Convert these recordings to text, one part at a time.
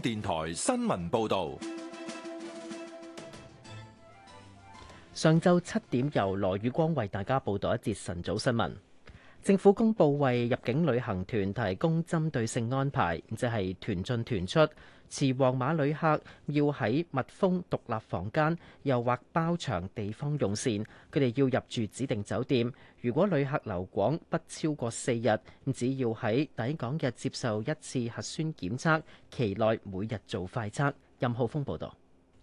電台新聞報道。上晝七點，由羅宇光為大家報道一節晨早新聞。政府公布為入境旅行團提供針對性安排，就係團進團出。持皇馬旅客要喺密封獨立房間又或包場地方用膳。佢哋要入住指定酒店。如果旅客留港不超過四日，只要喺抵港日接受一次核酸檢測，期內每日做快測。任浩峰報道。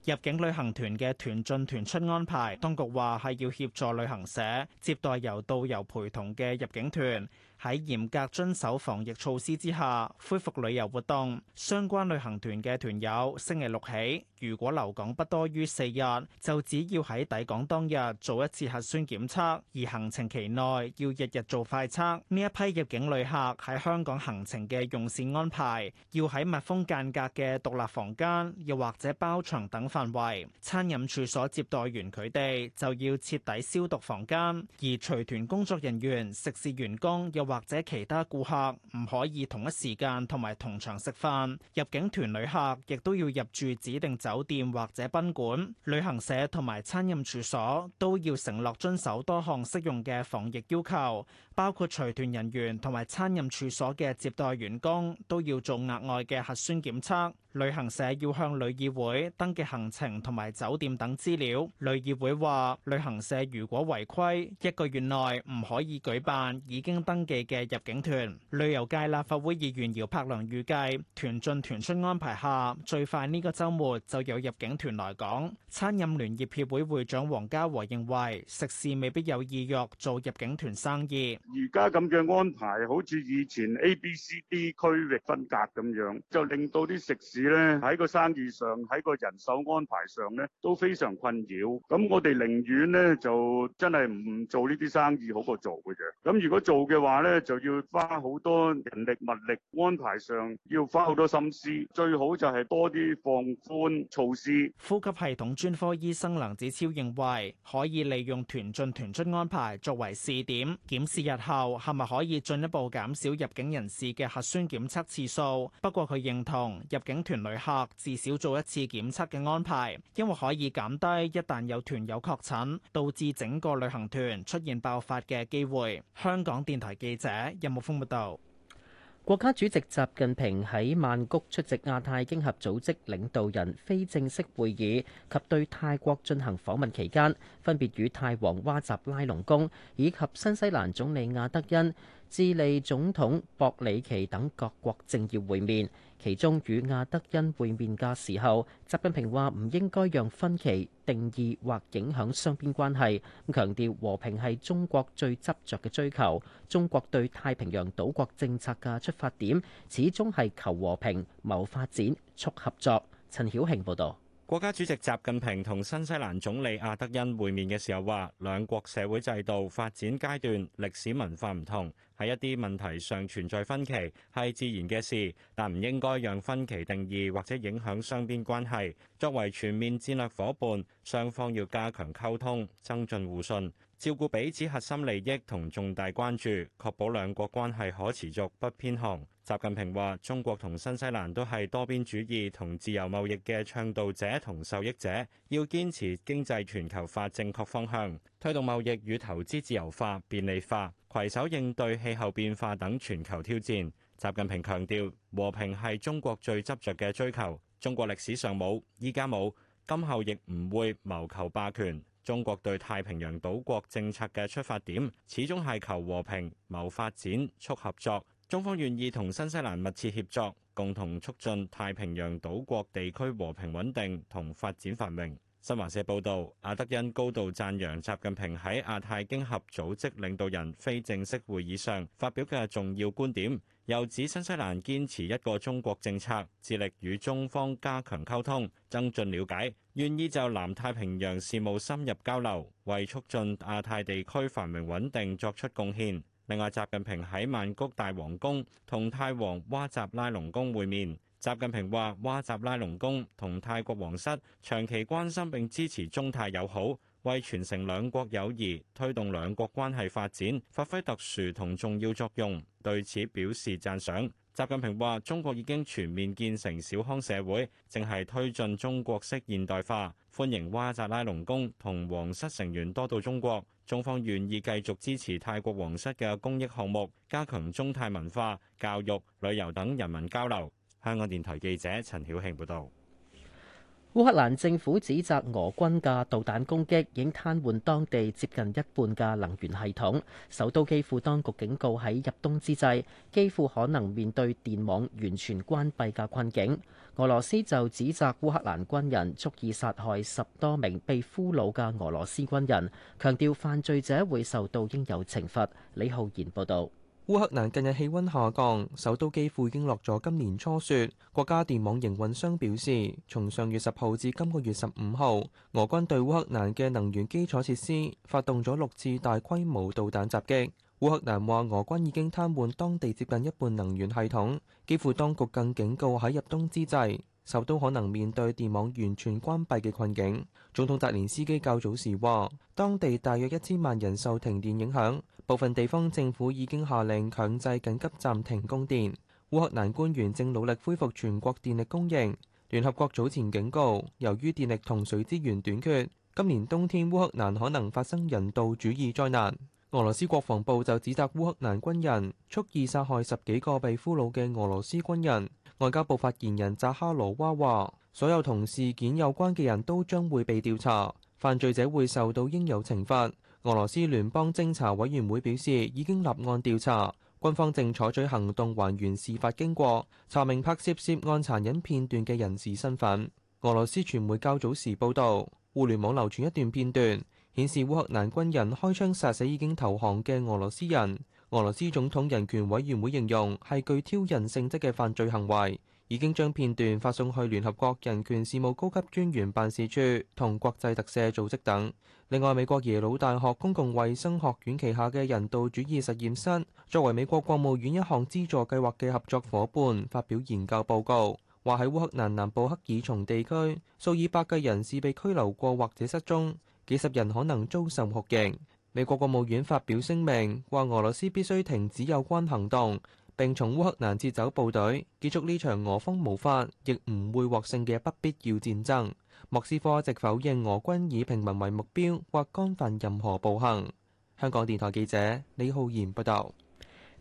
入境旅行團嘅團進團出安排，當局話係要協助旅行社接待由導遊陪同嘅入境團。喺嚴格遵守防疫措施之下，恢復旅遊活動，相關旅行團嘅團友星期六起，如果留港不多於四日，就只要喺抵港當日做一次核酸檢測，而行程期間要日日做快測。呢一批入境旅客喺香港行程嘅用膳安排，要喺密封間隔嘅獨立房間，又或者包場等範圍，餐飲處所接待完佢哋，就要徹底消毒房間，而隨團工作人員、食肆員工又或或者其他顧客唔可以同一時間同埋同場食飯。入境團旅客亦都要入住指定酒店或者賓館。旅行社同埋餐飲處所都要承諾遵守多項適用嘅防疫要求，包括隨團人員同埋餐飲處所嘅接待員工都要做額外嘅核酸檢測。旅行社要向旅議會登記行程同埋酒店等資料。旅議會話旅行社如果違規，一個月內唔可以舉辦已經登記嘅入境團。旅遊界立法會議員姚柏良預計，團進團出安排下，最快呢個周末就有入境團來港。餐飲聯業協會會長黃家和認為，食肆未必有意欲做入境團生意。而家咁嘅安排，好似以前 A、B、C、D 區域分隔咁樣，就令到啲食肆。喺個生意上，喺個人手安排上呢，都非常困擾。咁我哋寧願呢，就真係唔做呢啲生意好過做嘅啫。咁如果做嘅話呢，就要花好多人力物力安排上，要花好多心思。最好就係多啲放寬措施。呼吸系統專科醫生梁子超認為，可以利用團進團出安排作為試點，檢視日後係咪可以進一步減少入境人士嘅核酸檢測次數。不過佢認同入境團。旅客至少做一次檢測嘅安排，因為可以減低一旦有團友確診，導致整個旅行團出現爆發嘅機會。香港電台記者任木峰報道。有有國家主席習近平喺曼谷出席亞太經合組織領導人非正式會議及對泰國進行訪問期間，分別與泰皇哇集拉隆功以及新西蘭總理阿德恩，智利總統博里奇等各國政要會面，其中與亞德恩會面嘅時候，習近平話唔應該讓分歧定義或影響雙邊關係，強調和平係中國最執着嘅追求。中國對太平洋島國政策嘅出發點始終係求和平、謀發展、促合作。陳曉慶報道。國家主席習近平同新西蘭總理阿德恩會面嘅時候話，兩國社會制度、發展階段、歷史文化唔同，喺一啲問題上存在分歧，係自然嘅事，但唔應該讓分歧定義或者影響雙邊關係。作為全面戰略夥伴，雙方要加強溝通，增進互信。照顧彼此核心利益同重大關注，確保兩國關係可持續不偏航。習近平話：中國同新西蘭都係多邊主義同自由貿易嘅倡導者同受益者，要堅持經濟全球化正確方向，推動貿易與投資自由化、便利化，攜手應對氣候變化等全球挑戰。習近平強調：和平係中國最執著嘅追求，中國歷史上冇，依家冇。今後亦唔會謀求霸權。中國對太平洋島國政策嘅出發點始終係求和平、謀發展、促合作。中方願意同新西蘭密切協作，共同促進太平洋島國地區和平穩定同發展繁榮。新華社報導，阿德恩高度讚揚習近平喺亞太經合組織領導人非正式會議上發表嘅重要觀點，又指新西蘭堅持一個中國政策，致力與中方加強溝通、增進瞭解，願意就南太平洋事務深入交流，為促進亞太地區繁榮穩定作出貢獻。另外，習近平喺曼谷大皇宮同泰王哇集拉隆功會面。習近平話：瓦扎拉隆功同泰國皇室長期關心並支持中泰友好，為傳承兩國友誼、推動兩國關係發展，發揮特殊同重要作用，對此表示讚賞。習近平話：中國已經全面建成小康社會，正係推進中國式現代化，歡迎瓦扎拉隆功同皇室成員多到中國，中方願意繼續支持泰國皇室嘅公益項目，加強中泰文化、教育、旅遊等人民交流。香港電台記者陳曉慶報道：烏克蘭政府指責俄軍嘅導彈攻擊已癱瘓當地接近一半嘅能源系統，首都基輔當局警告喺入冬之際，幾乎可能面對電網完全關閉嘅困境。俄羅斯就指責烏克蘭軍人蓄意殺害十多名被俘虜嘅俄羅斯軍人，強調犯罪者會受到應有懲罰。李浩然報道。烏克蘭近日氣溫下降，首都幾乎已經落咗今年初雪。國家電網營運商表示，從上月十號至今個月十五號，俄軍對烏克蘭嘅能源基礎設施發動咗六次大規模導彈襲擊，烏克蘭話俄軍已經癱瘓當地接近一半能源系統，幾乎當局更警告喺入冬之際，首都可能面對電網完全關閉嘅困境。總統澤連斯基較早時話，當地大約一千萬人受停電影響。部分地方政府已經下令強制緊急暫停供電。烏克蘭官員正努力恢復全國電力供應。聯合國早前警告，由於電力同水資源短缺，今年冬天烏克蘭可能發生人道主義災難。俄羅斯國防部就指責烏克蘭軍人蓄意殺害十幾個被俘虜嘅俄羅斯軍人。外交部發言人扎哈羅娃話，所有同事件有關嘅人都將會被調查，犯罪者會受到應有懲罰。俄羅斯聯邦偵查委員會表示，已經立案調查，軍方正採取行動還原事發經過，查明拍攝涉案殘忍片段嘅人士身份。俄羅斯傳媒較早時報導，互聯網流傳一段片段，顯示烏克蘭軍人開槍殺死已經投降嘅俄羅斯人。俄羅斯總統人權委員會形容係具挑釁性質嘅犯罪行為。已經將片段發送去聯合國人權事務高級專員辦事處同國際特赦組織等。另外，美國耶魯大學公共衛生學院旗下嘅人道主義實驗室作為美國國務院一項資助計劃嘅合作伙伴，發表研究報告，話喺烏克蘭南部克爾松地區，數以百計人士被拘留過或者失蹤，幾十人可能遭受酷刑。美國國務院發表聲明，話俄羅斯必須停止有關行動。並從烏克蘭撤走部隊，結束呢場俄方無法，亦唔會獲勝嘅不必要戰爭。莫斯科一直否認俄軍以平民為目標，或幹犯任何暴行。香港電台記者李浩然報導。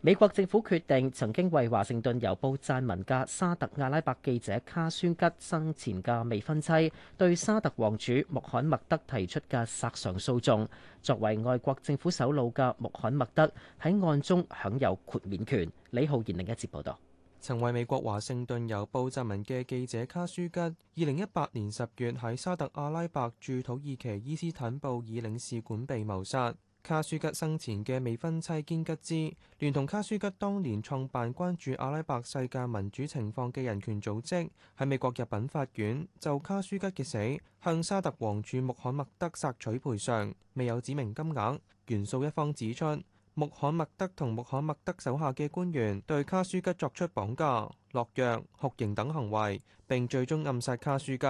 美國政府決定曾經為華盛頓郵報撰文嘅沙特阿拉伯記者卡舒吉生前嘅未婚妻，對沙特王儲穆罕默德提出嘅殺上訴訟。作為外國政府首腦嘅穆罕默德喺案中享有豁免權。李浩然另一節報道，曾為美國華盛頓郵報撰文嘅記者卡舒吉，二零一八年十月喺沙特阿拉伯駐土耳其伊斯坦布爾領事館被謀殺。卡舒吉生前嘅未婚妻堅吉茲，聯同卡舒吉當年創辦關注阿拉伯世界民主情況嘅人權組織，喺美國入稟法院就卡舒吉嘅死向沙特王儲穆罕默德索取賠償，未有指明金額，原訴一方指出，穆罕默德同穆罕默德手下嘅官員對卡舒吉作出綁架、落藥、酷刑等行為，並最終暗殺卡舒吉。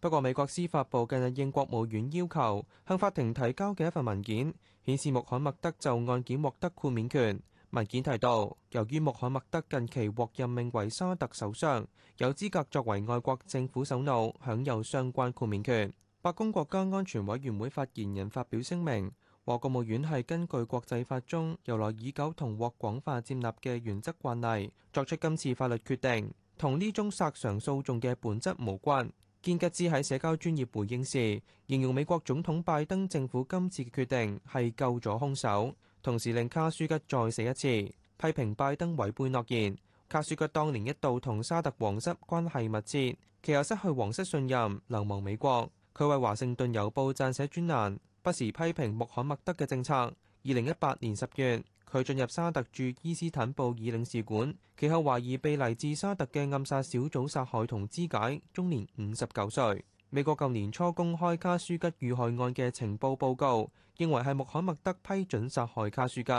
不過美國司法部近日應國務院要求，向法庭提交嘅一份文件。顯示穆罕默德就案件獲得豁免權。文件提到，由於穆罕默德近期獲任命為沙特首相，有資格作為外國政府首腦，享有相關豁免權。白宮國家安全委員會發言人發表聲明，話國務院係根據國際法中由來已久同獲廣泛佔立嘅原則慣例作出今次法律決定，同呢宗殺傷訴訟嘅本質無關。堅吉之喺社交專業回應時，形容美國總統拜登政府今次嘅決定係救咗兇手，同時令卡舒吉再死一次，批評拜登違背諾言。卡舒吉當年一度同沙特皇室關係密切，其後失去皇室信任，流亡美國。佢為華盛頓郵報撰寫專欄，不時批評穆罕默德嘅政策。二零一八年十月。佢進入沙特駐伊斯坦布爾領事館，其後懷疑被嚟自沙特嘅暗殺小組殺害同肢解，終年五十九歲。美國舊年初公開卡舒吉遇害案嘅情報報告，認為係穆罕默德批准殺害卡舒吉。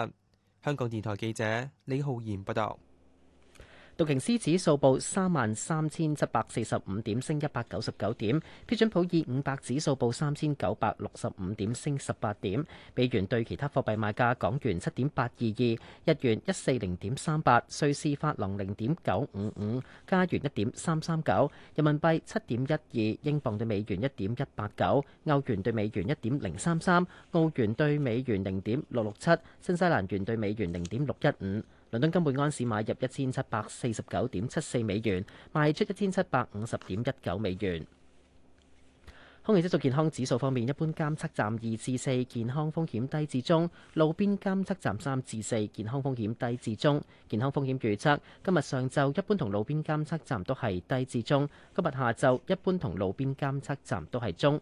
香港電台記者李浩然報道。道瓊斯指數報三萬三千七百四十五點，升一百九十九點。標準普爾五百指數報三千九百六十五點，升十八點。美元對其他貨幣賣價：港元七點八二二，日元一四零點三八，瑞士法郎零點九五五，加元一點三三九，人民幣七點一二，英鎊對美元一點一八九，歐元對美元一點零三三，澳元對美元零點六六七，新西蘭元對美元零點六一五。倫敦金本安士買入一千七百四十九點七四美元，賣出一千七百五十點一九美元。空氣質素健康指數方面，一般監測站二至四，健康風險低至中；路邊監測站三至四，健康風險低至中。健康風險預測：今日上晝一般同路邊監測站都係低至中；今日下晝一般同路邊監測站都係中。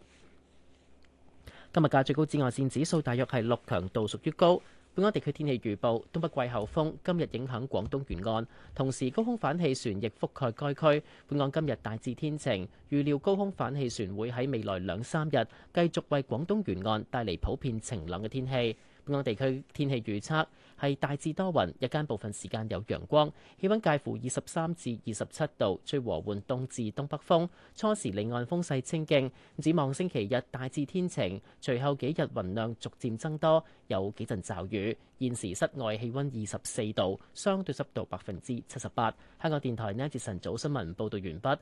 今日嘅最高紫外線指數大約係六，強度屬於高。本港地區天氣預報：東北季候風今日影響廣東沿岸，同時高空反氣旋亦覆蓋該區。本港今日大致天晴，預料高空反氣旋會喺未來兩三日繼續為廣東沿岸帶嚟普遍晴朗嘅天氣。本港地區天氣預測係大致多雲，日間部分時間有陽光，氣溫介乎二十三至二十七度，吹和緩東至東北風，初時離岸風勢清勁。展望星期日大致天晴，隨後幾日雲量逐漸增多，有幾陣驟雨。現時室外氣溫二十四度，相對濕度百分之七十八。香港電台呢一節晨早新聞報道完畢。